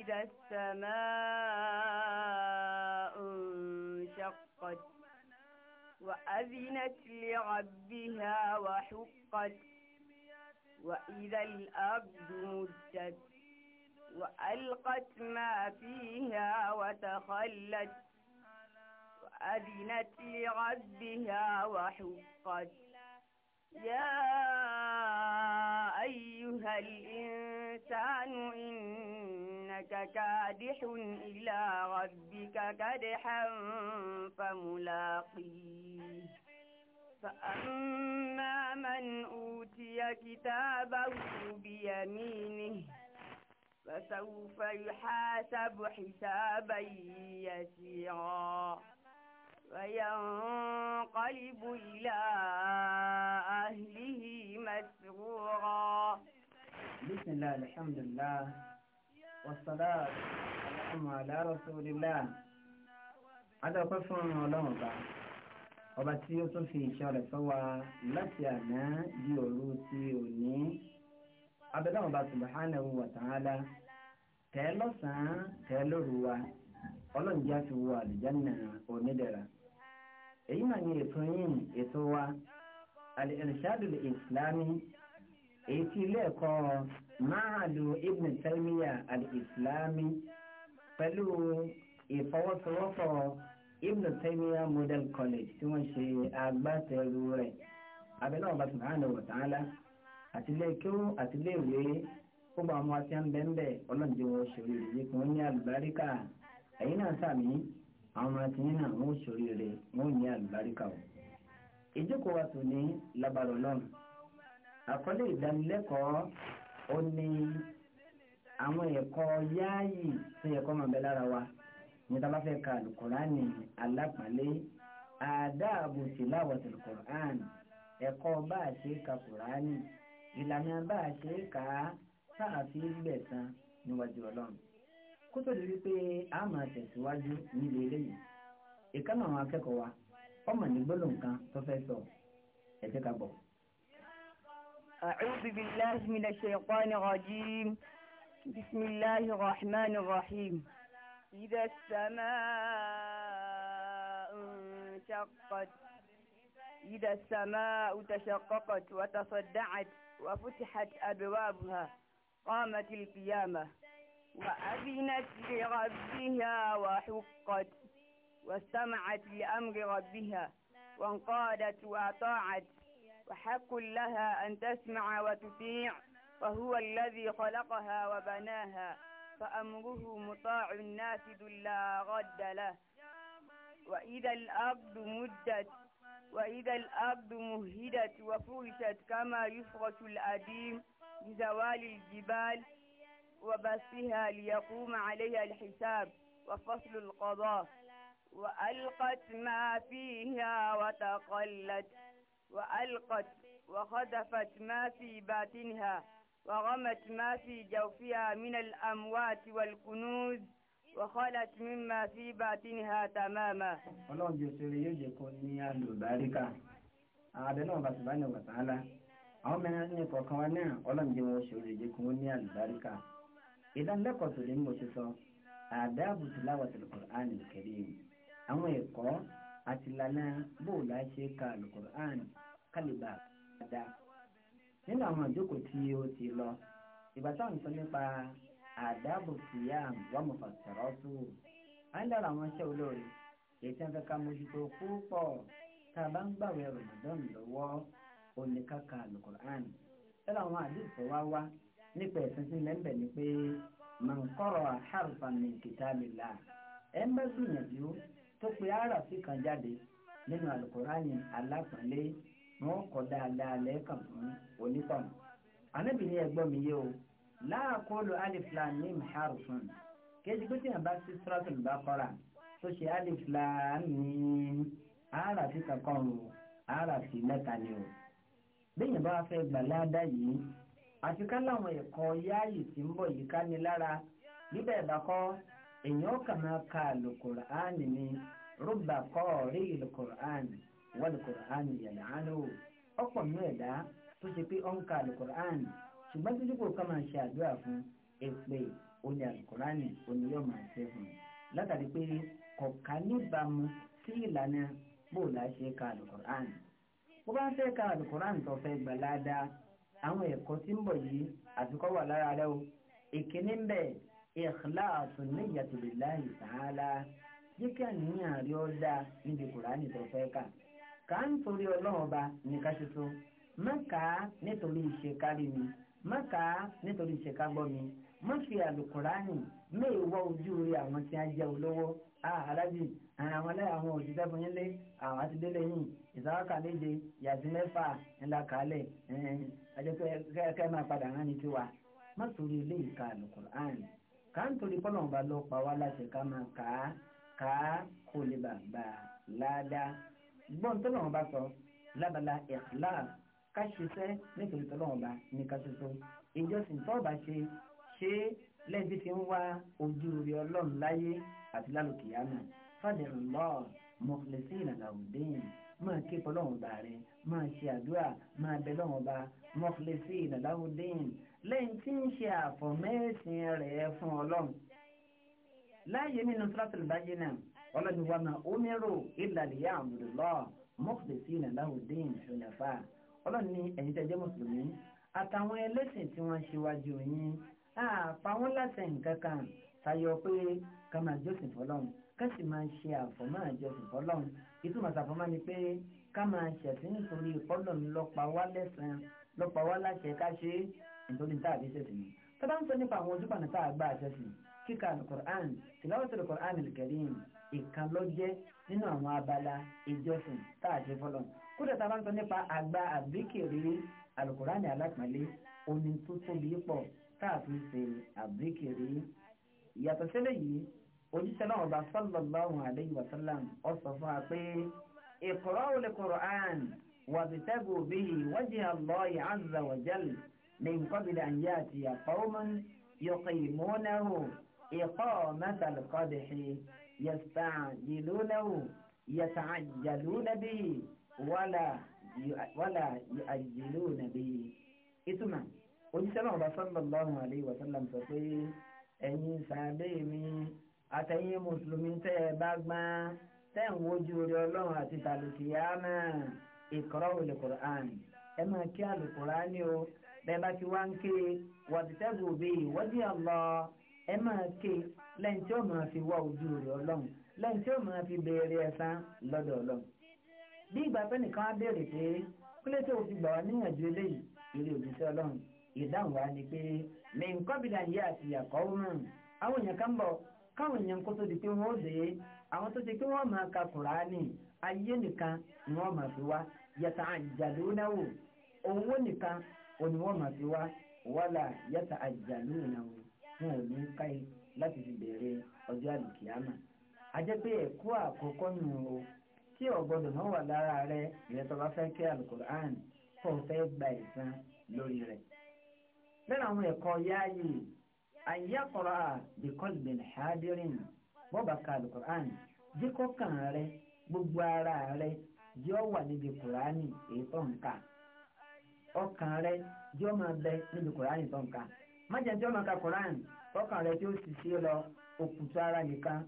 إذا السماء انشقت وأذنت لربها وحقت وإذا الأرض مدت وألقت ما فيها وتخلت وأذنت لربها وحقت يا أيها الإنسان إن إنك كادح إلى ربك كدحا فملاقيه فأما من أوتي كتابه بيمينه فسوف يحاسب حسابا يسيرا وينقلب إلى أهله مسرورا بسم الله الحمد لله والصلاة على رسول الله adọ́pẹ́ fún ọlọ́run ọba ọba tí ó tún fi ìṣe rẹ̀ sọ wa láti àná di òru ti òní abẹ́lẹ́ ọba subhanahu wa ta'ala tẹ́ lọ́sàn-án tẹ́ lóru wa ọlọ́run jẹ́ àti wo àlùjánnà onídẹ̀ra èyí mà ní ètò yìí ètò wa al-irshadul islami èyí tí ilé ẹ̀kọ́ máàlù ibn taymiya al-islami pẹ̀lú ìfọwọ́sowọ́pọ̀ ibn taymiya model college tí wọ́n ṣe agbátẹrù rẹ̀ abẹ́lẹ́ ọba subhanahu wa ta'ala àtìlẹ́kẹ́wò àtìlẹ́wé ó bá ọmọ àti àǹbẹ̀ǹbẹ̀ ọlọ́dẹ wọn ṣòro ìdíje kí wọ́n ní àlùbáríkà ẹ̀yin náà sàmì àwọn ọmọ àti náà wọ́n ṣòro rẹ̀ wọ́n ní àlùbáríkà ìjókòó wa tò ní labalọ̀ àkọlé ìdánilẹ́kọ̀ọ́ ó ní àwọn ẹ̀kọ́ yáàyì tó yẹ kó máa bẹ lára wa ní tá a bá fẹ́ ka alukurani alápàlẹ àdáàbò tìláwàtì alukurani ẹ̀kọ́ bá a ṣe ka kurani ìlànà bá a ṣe ka sáàfin gbẹ̀san níwájú ọlọ́run kó tó di wípé a máa tẹ̀síwájú nílé eléyìí ìkànnì àwọn akẹ́kọ̀ọ́ wa ọmọ ní gbólóǹkan tó fẹ́ sọ ẹ jẹ́ ká gbọ́. أعوذ بالله من الشيطان الرجيم بسم الله الرحمن الرحيم إذا السماء انشقت إذا السماء تشققت وتصدعت وفتحت أبوابها قامت القيامة وأذنت لربها وحقت واستمعت لأمر ربها وانقادت وأطاعت وحق لها أن تسمع وتطيع وهو الذي خلقها وبناها فأمره مطاع نافذ لا غد له وإذا الأرض مدت وإذا الأرض مهدت وفرشت كما يفرش الأديم بزوال الجبال وبثها ليقوم عليها الحساب وفصل القضاء وألقت ما فيها وتقلت وألقت وخذفت ما في باطنها ورمت ما في جوفها من الأموات والكنوز وخلت مما في باطنها تماما ọlọ́run jẹ́ òṣèré yóò jẹ́ kó ní àlùbáríkà ààbẹ̀ náà bá ṣùgbọ́n ìwọ̀n tààlà àwọn mẹ́rin ní kọ̀ọ̀kan wa náà ọlọ́run jẹ́ òṣèré jẹ́ kó ní àlùbáríkà ìdánilẹ́kọ̀ọ́ tó lè mú òṣìṣọ́ àdáàbùtù láwọ̀tẹ̀lẹ̀kọ̀ọ́ ànìkẹ́rì àwọn ẹ̀kọ́ àti ìlànà bóòlù àṣẹ ka alukur'an kálíbà dá nínú àwọn àjókòó tí ó ti lọ ìbátan ń sọ nípa àdáàbò síyàm wọ́n mọ̀ fàṣọrọ́ tó à ń dára àwọn iṣẹ́ olóore èyí tí ka ká mójútó púpọ̀ tá a bá ń gbàwé Ramadan lọ́wọ́ oníkàkà alukur'an tẹ́lẹ̀ àwọn àdìsọ wá wá nípa ẹ̀sìn sí lẹ́ńbẹ̀ ni pé mọ̀nkọ́rọ̀ ẹ̀ ń bá gbìyànjú tó pe àràfí kan jáde nínú alukurani alápọ̀nlé wọn kọ dáadáa lẹ́ẹ̀kan fún onítàn anábì ní ẹgbọ́n mi yé o láàkóòlù aliflanim harfun kéjì pé tíyàn bá sí sọ́ọ̀tún bá kọ́ra tó ṣe aliflanim àràfí kankan o àràfí mẹ́ta ni o bẹ́yìn bá fẹ́ gbà ládàá yìí àti ká láwọn ẹ̀kọ́ yáàyè tí ń bọ̀ yìí ká ní lára bíbẹ̀ ìbákọ́ èèyàn kà ka alukur'ani ni rúbà kọ́ọ̀rí alukur'ani wọ́n alukur'ani yàrá àlọ́ ọ̀pọ̀ mi ẹ̀dá tó ṣe ka alukur'ani ṣùgbọ́n tó dúpọ̀ ká máa ṣe àdúrà fún èpè oní alukur'ani oní yóò máa ṣe fún un látàrí pé kọ̀ọ̀ká níbàámu sí ìlànà bó la ṣe ka alukur'ani bó bá fẹ́ ka alukur'ani tó fẹ́ o ìkíní ń ikhlasu niyyati lillahi ta'ala jẹ́ kí àníyàn rí ọ́ dá níbi kùránì tó fẹ́ kà ká ń torí ọlọ́run ọba nìkan ṣoṣo má kà á nítorí ìṣe kárí mi má kà á nítorí ìṣe kágbọ́ mi má fi àlùkùránì méèwọ ojú rí àwọn tí a jẹ́ olówó aláàbí àwọn alẹ́ àwọn òṣìṣẹ́ fún yín lé àwọn àti délé yìí ìsáwáka méje yàtí mẹ́fà ńlá kálẹ̀ ẹ̀ẹ́n ẹjọ́ kẹ́ẹ̀ máa padà rán ni tiwa má torí ilé ìka àlùkùránì ká ń torí pọ́lọ̀ ọba ló pa wá láti ká máa kà á kà á kó lè bà bà ládàá gbọ́n tọ́lọ̀ ọba sọ lábala ikhlas ká ṣiṣẹ́ nítorí tọ́lọ̀ ọba ní ká ṣoṣo ìjọsìn tọ́ọ̀bà ṣe ṣe lẹ́yìn tí fi ń wá ojú rí ọlọ́run láyé àti lálùkìyàmù fad'ullah mukhlisina lahu ddin máa ké pọ́lọ̀ ọba rẹ máa ṣe àdúrà máa bẹ lọ́wọ́ ọba mọ̀fìlẹ́sì ìdàláwọ̀dẹ́yìn lẹ́yìn tí ń ṣe àfọ̀mẹ́sìn rẹ̀ fún ọlọ́run láàyè nínú sọ́tàlì báyìí náà ọlọ́run wa máa omirò ìlàlẹ́yà àbùdùlọ́ mọ̀fìlẹ́sì ìdàláwọ̀dẹ́yìn ṣọlẹ́fà ọlọ́run ní ẹ̀yin tẹ́jẹ́ mùsùlùmí àtàwọn ẹlẹ́sìn tí wọ́n ṣíwájú yín àfàwọn láti nǹkan kan tayọ pé ká máa jọ́sìn fọlọ́run ká sì máa ṣe àfọ̀mọ́ àjọsìn fọlọ́run ìtumọ̀ àtàfọ̀mọ́ ni pé ká máa ṣẹ̀sìn nítorí ọlọ́run ló pa wá ló pa wá láṣẹ ká ṣe nítorí tá a fi ṣẹ̀sìn ni tó bá ń sọ nípa àwọn ojúpànà tá a gbà ṣẹ̀sìn kíkà alukur'an tìlọ́wọ́sọ̀rọ̀ kur'an al-karim ìkan ló jẹ́ nínú àwọn abala ìjọsìn tá a ṣe fọlọ́ kódà tá a bá ń sọ nípa àgbà àbíkèrè alukur'an alápàlẹ́ omi tó tóbi pọ̀ tá a fi ṣe àbíkèrè ìyàtọ̀ sílẹ̀ yìí òjíṣẹ́ náà ọba sallallahu alayhi wa sallam ó sọ fún wa pé iqra'u وابتغوا به وجه الله عز وجل من قبل أن يأتي قوم يقيمونه إقامة القدح يستعجلونه يتعجلون به ولا ولا يؤجلون به ìtumọ̀ oníṣẹ́lẹ̀ ọba sallallahu alayhi wa sallam sọ pé ẹ̀yin sàbẹ̀ mi àtẹ̀yin mùsùlùmí tẹ́ ẹ bá gbọ́n tẹ́ ń wojú orí ọlọ́run àti tàlùkìyámà ìkọ́rọ̀ olùkùránì ẹ máa kí alùkùránì o bẹ́ẹ̀ bá ti wá ń ké wàbítẹ́gù bí ìwọ́dí àlọ́ ẹ máa ké lẹ́yìn tí ó máa fi wá ojú rẹ̀ ọlọ́run lẹ́yìn tí ó máa fi béèrè ẹ̀san lọ́dọ̀ ọlọ́run. bí ìgbà fi gbà wá níyànjú eléyìí eré òjíṣẹ́ ọlọ́run ìdáhùn wa ni pé mi ń kọ́ bìlà yé àti ìyàkọ́ mọ̀ àwọn kan bọ̀ káwọn èèyàn kó tó di pé wọ́n ó dé àwọn tó ti pé wọ́n máa ka kùránì ayé nìkan ni wọ́n máa fi wá yata àjàlú náà wò owó nìkan òní wọ́n mà fi wá wàlà yàtà àjàlú náà fún òní káyé láti fi bẹ̀rẹ̀ ọjọ́ àlùkìyàmà ajẹ́ pé ẹ̀kọ́ àkọ́kọ́ nù o tí ọ̀gbọ́dọ̀ náà wà lára rẹ ìrẹsọ̀ bá fẹ́ kí alukur'an kò fẹ́ gba ìsan lórí rẹ̀ lẹ́nu àwọn ẹ̀kọ́ yáàyè hadirin bọ́bà alukur'an kàn gbogbo ara yọ wà níbi kùránì èyí nǹkan ń ọkàn rẹ yóò máa bẹ níbi kùránì tó ń kà má jẹ́ tí ó máa ka kùránì ọkàn rẹ tí ó sì ṣe lọ òkùtù ara nìkan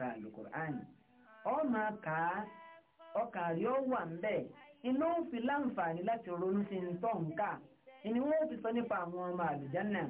ka lùkùránì ọ máa kà á ọkàn rẹ wà ń bẹ inú ó fi láǹfààní láti ronú sí ìní wọn ó fi sọ nípa àwọn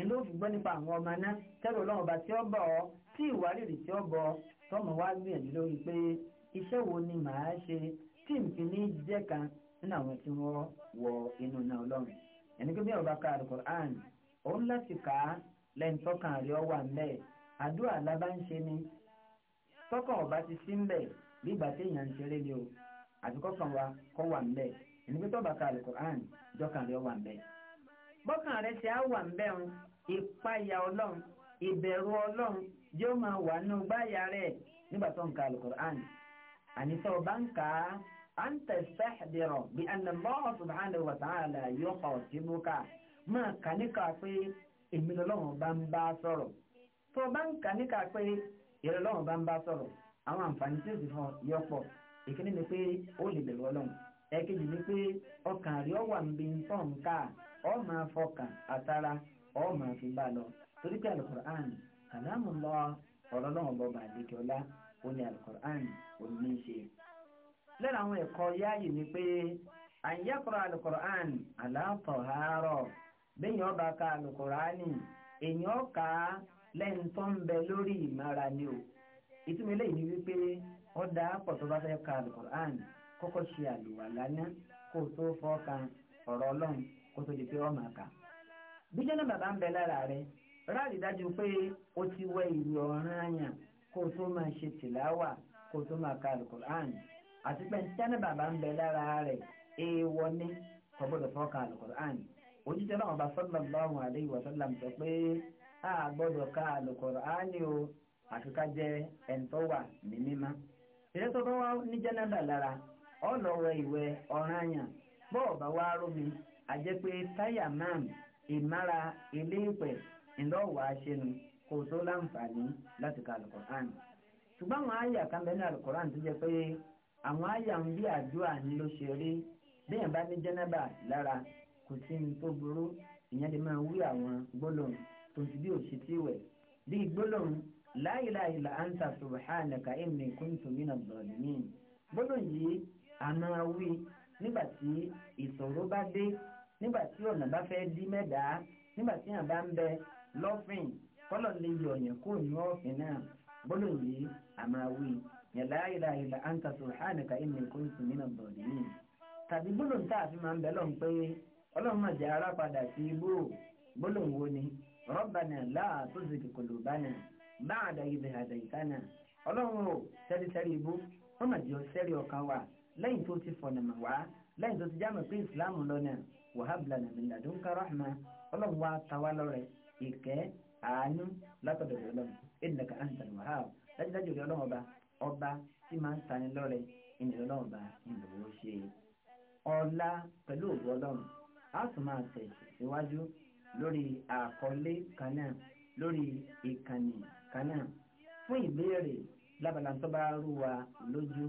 ìlú òfìgbọ́ nípa àwọn ọmọ aná tẹ́rù ọlọ́run ọba tí ó bọ̀ ọ́ tí ìwárìrì tí ó bọ̀ ọ́ tọ́mọ wá gbìyànjú lórí pé iṣẹ́ wo ni màá ṣe tí n fi ní jẹ́ kan nínú àwọn tí wọ́n wọ inú ọlọ́run ẹni ọba ka alukur'an òun láti kà á lẹ́yìn tọ́kàn wà ńlẹ̀ àdúrà lábá ni tọ́kàn ọba ti sí bí ìgbà tí èèyàn ń ṣeré ni o wa kọ́ wà ńlẹ̀ ẹni pé tọ́ba ka bọ́kàn rẹ̀ ṣe á wà ń bẹ̀rùn ìpayà ọlọ́run ìbẹ̀rù ọlọ́run yóò máa wà nù báyà rẹ̀ nígbà tó ń ka alukur'an ànitọ́ bá ń kà á à ń tẹ̀sẹ̀ dìrọ̀ bí Allah subhanahu wa ta'ala yóò kọ̀ sínú ká máa kà níkà pé èmi lọ́lọ́run bá ń bá sọ̀rọ̀ tó bá ń kà níkà pé ìrẹ̀ lọ́run bá ń bá sọ̀rọ̀ àwọn àǹfààní tí ó sì fún yọ pọ̀ ìkíní ni pé ó lè bẹ̀rù ọlọ́run ẹ̀kejì ni pé ọkàn rí wà ń ń tọ̀ ń ká ọ máa ka atara ọ ma fi bá lọ torí pé alukur'an kàlámù ọ̀rọ̀ náà bọ̀ bàdékè ọlá ó alukur'an ò ṣe. lẹ́nu àwọn ẹ̀kọ́ yáàyè ni pé àyẹ̀kọ̀rọ̀ alukur'an aláàtọ̀hárọ̀ bẹ́yìn ọba ka alukur'ani èèyàn kà lẹ́yìn tó ń bẹ lórí ìmára ni o ìtumọ̀ eléyìí ka alukur'an kọ́kọ́ ṣe àlùwàlá kó tó di pé ọmọ àká bí jẹ́nà bàbá ń bẹ lára rẹ ráàlì dájú pé o ti wẹ ìlú ọ̀ràn àyàn kó o tó máa ṣe tìláwà kó o tó máa ka alukur'an àti pé jẹ́nà bàbá ń bẹ lára rẹ èèwọ̀ ni kò gbọ́dọ̀ fọ́ọ̀ka alukur'an òjíṣẹ́ náà ọba sallallahu alayhi wa sallam sọ pé a gbọ́dọ̀ ka alukur'an o àti ká jẹ́ ẹni wà ní mímá ìrẹ́ tó bá wá ní jẹ́nà bàbá lára ọ̀lọ́wẹ̀ ìwẹ̀ ọ̀ràn àyàn bọ́ọ̀ bá wá rómi àjẹ́ pé táyà máa ìmára ilé ìpẹ̀ ńlọ́wọ́ aṣẹ́nu kò tó láǹfààní láti ka alukoran ṣùgbọ́n àwọn àyà kan bẹ́ẹ̀ ní alukoran tó jẹ́ pé àwọn àyà ń bí àdúrà ní ló ṣe rí bẹ́ẹ̀ bá ní jẹ́nẹ́bà lára kò sí ní tó burú ìyẹn lè máa wí àwọn gbólóhùn tó ti bí òṣì tí wẹ̀ bí gbólóhùn la ilaha illa anta subhanaka inni kuntu minadh dhalimin gbólóhùn yìí àmọ́ wí nígbà tí ìṣòro bá dé nígbà tí ọ̀nà bá fẹ́ dí mẹ́dàá nígbà tí yàn ń bẹ lọ́fìn kọ́lọ̀ lè yọ ọ̀yàn kó ní ọ̀fìn náà gbọ́dọ̀ yìí àmà wí yàrá ìlà ìlà anta subhanaka tàbí tá a fi máa ń bẹ lọ́n pé ọlọ́run ara padà sí ibú gbọ́dọ̀ wo ni rabbana la tuzigh ọlọ́run ò sẹ́rìsẹ́rì ibú wọ́n jẹ́ sẹ́rì lẹ́yìn tó ti wá lẹ́yìn tó ti pé ìsìlámù wahab lana min ladunka rahma ọlọ́run wá tawá lọ́rẹ̀ ìkẹ́ àánú látọ̀dọ̀ rẹ̀ lọ́run innaka antal wahab dájúdájú rẹ̀ ọlọ́run ọba ọba tí máa ń tani lọ́rẹ̀ ìnìyàn ọlọ́run ọba ìlòwò ṣe ọlá pẹ̀lú òwú ọlọ́run a tún máa tẹ̀ síwájú lórí àkọlé kan náà lórí ìkànnì kan náà fún ìbéèrè lábala tó bá rú wa lójú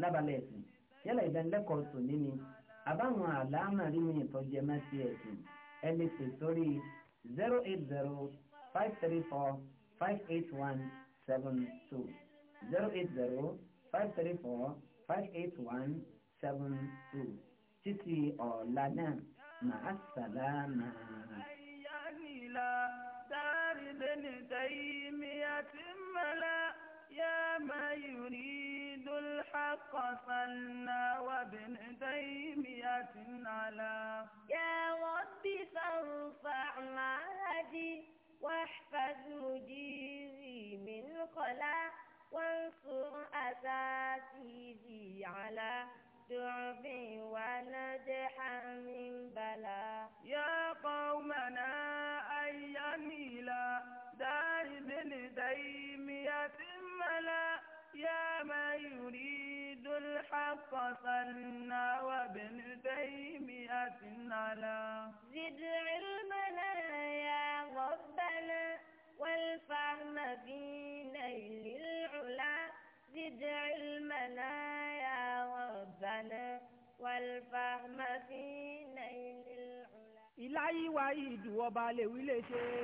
lábala ẹ̀sìn yálà ìdánilẹ́kọ̀ọ́ tòní ni àbáwọn àlámà rí mi ìtọ́jẹ mẹ́tì ẹ̀sìn ẹni pè sórí zero eight zero five three four five eight one seven two zero eight zero five three four five eight one seven two títí ọ̀la náà màá sàlámà. دار بن تيمية ملا صلاة على يا رب فارفع معهدي واحفظ مجيري من خلا وانصر أساتيدي على ضعف ونجح من بلا يا قومنا أيا إلى دار ابن تيمية ملا يا من يريد الحق صلنا وابن تيمية على زد علمنا يا ربنا والفهم في نيل العلا زد علمنا يا ربنا والفهم في نيل العلا إلهي وعيد وبالي ولي